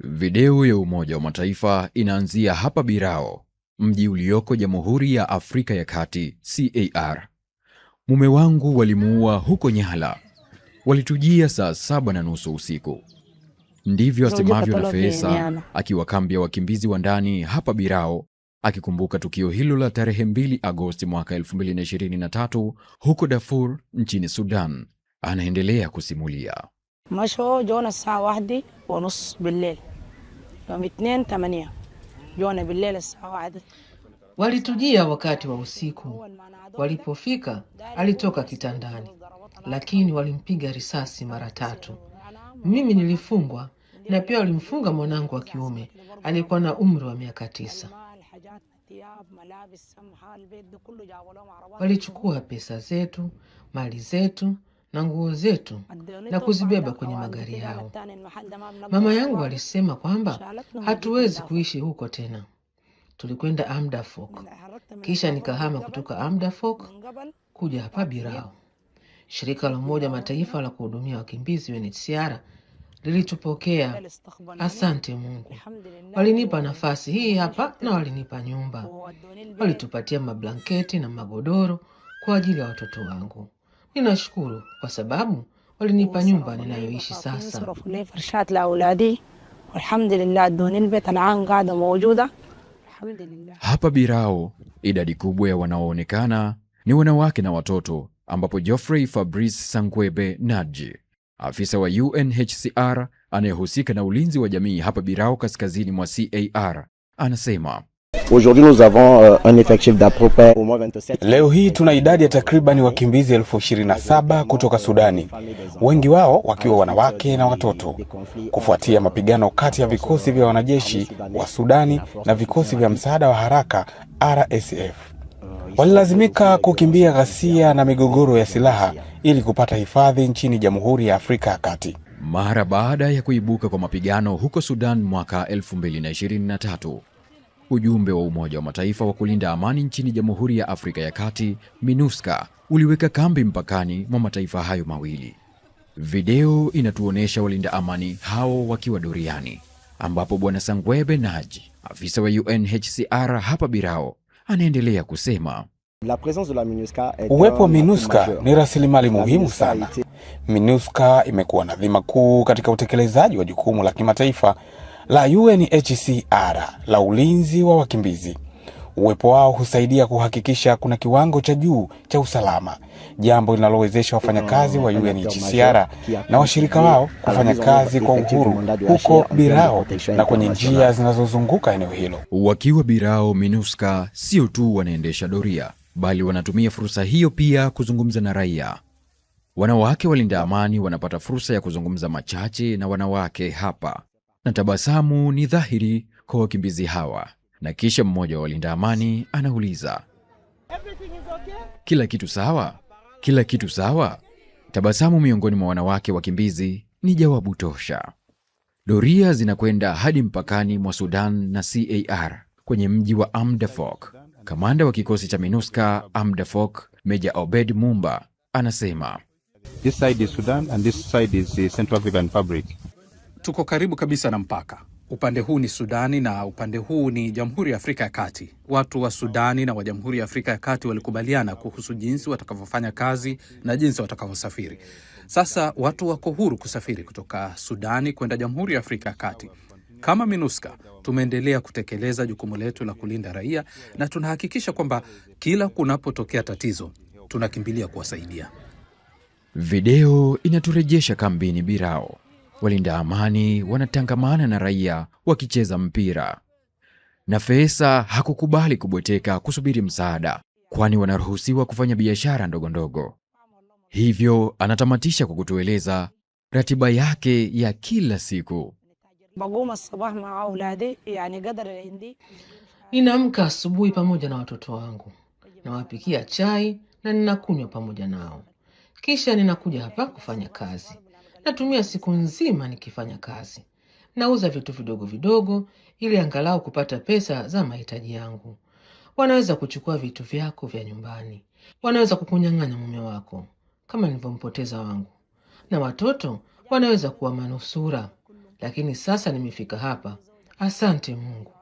Video ya Umoja wa Mataifa inaanzia hapa Birao, mji ulioko Jamhuri ya Afrika ya Kati, CAR. Mume wangu walimuua huko Nyala, walitujia saa saba na nusu usiku. Ndivyo asemavyo Nafeesa ya wakimbizi wa ndani hapa Birao, akikumbuka tukio hilo la tarehe 2 Agosti mwaka 2023 huko Darfur nchini Sudan. Anaendelea kusimulia. مشوا جونا الساعة واحدة ونص بالليل يوم اثنين ثمانية جونا بالليل الساعة واحدة Walitujia wakati wa usiku. Walipofika alitoka kitandani, lakini walimpiga risasi mara tatu. Mimi nilifungwa na pia walimfunga mwanangu wa kiume aliyekuwa na umri wa miaka tisa. Walichukua pesa zetu, mali zetu na nguo zetu na kuzibeba kwenye magari yao. Mama yangu alisema kwamba hatuwezi kuishi huko tena. Tulikwenda Amdafok, kisha nikahama kutoka Amdafok kuja hapa Birao. Shirika la Umoja Mataifa la kuhudumia wakimbizi UNHCR lilitupokea. Asante Mungu, walinipa nafasi hii hapa na walinipa nyumba, oh, walitupatia mablanketi na magodoro kwa ajili ya watoto wangu. Ninashukuru kwa sababu walinipa nyumba ninayoishi sasa. Hapa Birao idadi kubwa ya wanaoonekana ni wanawake na watoto, ambapo Geoffrey Fabrice Sankwebe Nadji, afisa wa UNHCR anayehusika na ulinzi wa jamii hapa Birao, kaskazini mwa CAR, anasema Leo hii tuna idadi ya takribani wakimbizi elfu ishirini na saba kutoka Sudani, wengi wao wakiwa wanawake na watoto, kufuatia mapigano kati ya vikosi vya wanajeshi wa Sudani na vikosi vya msaada wa haraka RSF. Walilazimika kukimbia ghasia na migogoro ya silaha ili kupata hifadhi nchini Jamhuri ya Afrika ya Kati. Mara baada ya kuibuka kwa mapigano huko Sudan mwaka 2023 Ujumbe wa Umoja wa Mataifa wa kulinda amani nchini Jamhuri ya Afrika ya Kati, MINUSCA, uliweka kambi mpakani mwa mataifa hayo mawili. Video inatuonyesha walinda amani hao wakiwa doriani, ambapo Bwana Sangwebe Naji, afisa wa UNHCR hapa Birao, anaendelea kusema uwepo wa MINUSCA ni rasilimali muhimu sana. MINUSCA imekuwa na dhima kuu katika utekelezaji wa jukumu la kimataifa la UNHCR la ulinzi wa wakimbizi. Uwepo wao husaidia kuhakikisha kuna kiwango cha juu cha usalama, jambo linalowezesha wafanyakazi wa UNHCR na washirika wao kufanya kazi kwa uhuru huko Birao na kwenye njia zinazozunguka eneo hilo. Wakiwa Birao, MINUSCA sio tu wanaendesha doria, bali wanatumia fursa hiyo pia kuzungumza na raia. Wanawake walinda amani wanapata fursa ya kuzungumza machache na wanawake hapa na tabasamu ni dhahiri kwa wakimbizi hawa. Na kisha mmoja wa walinda amani anauliza, kila kitu sawa? Kila kitu sawa? Tabasamu miongoni mwa wanawake wakimbizi ni jawabu tosha. Doria zinakwenda hadi mpakani mwa Sudan na CAR kwenye mji wa Amdafok. Kamanda wa kikosi cha MINUSCA Amdafok, Meja Obed Mumba anasema, This side is Sudan and this side is uh, Central African Republic tuko karibu kabisa na mpaka. Upande huu ni Sudani na upande huu ni Jamhuri ya Afrika ya Kati. Watu wa Sudani na wa Jamhuri ya Afrika ya Kati walikubaliana kuhusu jinsi watakavyofanya kazi na jinsi watakavyosafiri. Sasa watu wako huru kusafiri kutoka Sudani kwenda Jamhuri ya Afrika ya Kati. Kama MINUSCA tumeendelea kutekeleza jukumu letu la kulinda raia na tunahakikisha kwamba kila kunapotokea tatizo tunakimbilia kuwasaidia. Video inaturejesha kambini Birao Walinda amani wanatangamana na raia wakicheza mpira, na hakukubali kubweteka kusubiri msaada, kwani wanaruhusiwa kufanya biashara ndogondogo. Hivyo anatamatisha kwa kutueleza ratiba yake ya kila siku. Ninaamka asubuhi pamoja na watoto wangu, nawapikia chai na ninakunywa pamoja nao, kisha ninakuja hapa kufanya kazi. Natumia siku nzima nikifanya kazi, nauza vitu vidogo vidogo ili angalau kupata pesa za mahitaji yangu. Wanaweza kuchukua vitu vyako vya nyumbani, wanaweza kukunyang'anya mume wako kama nilivyompoteza wangu, na watoto wanaweza kuwa manusura. Lakini sasa nimefika hapa, asante Mungu.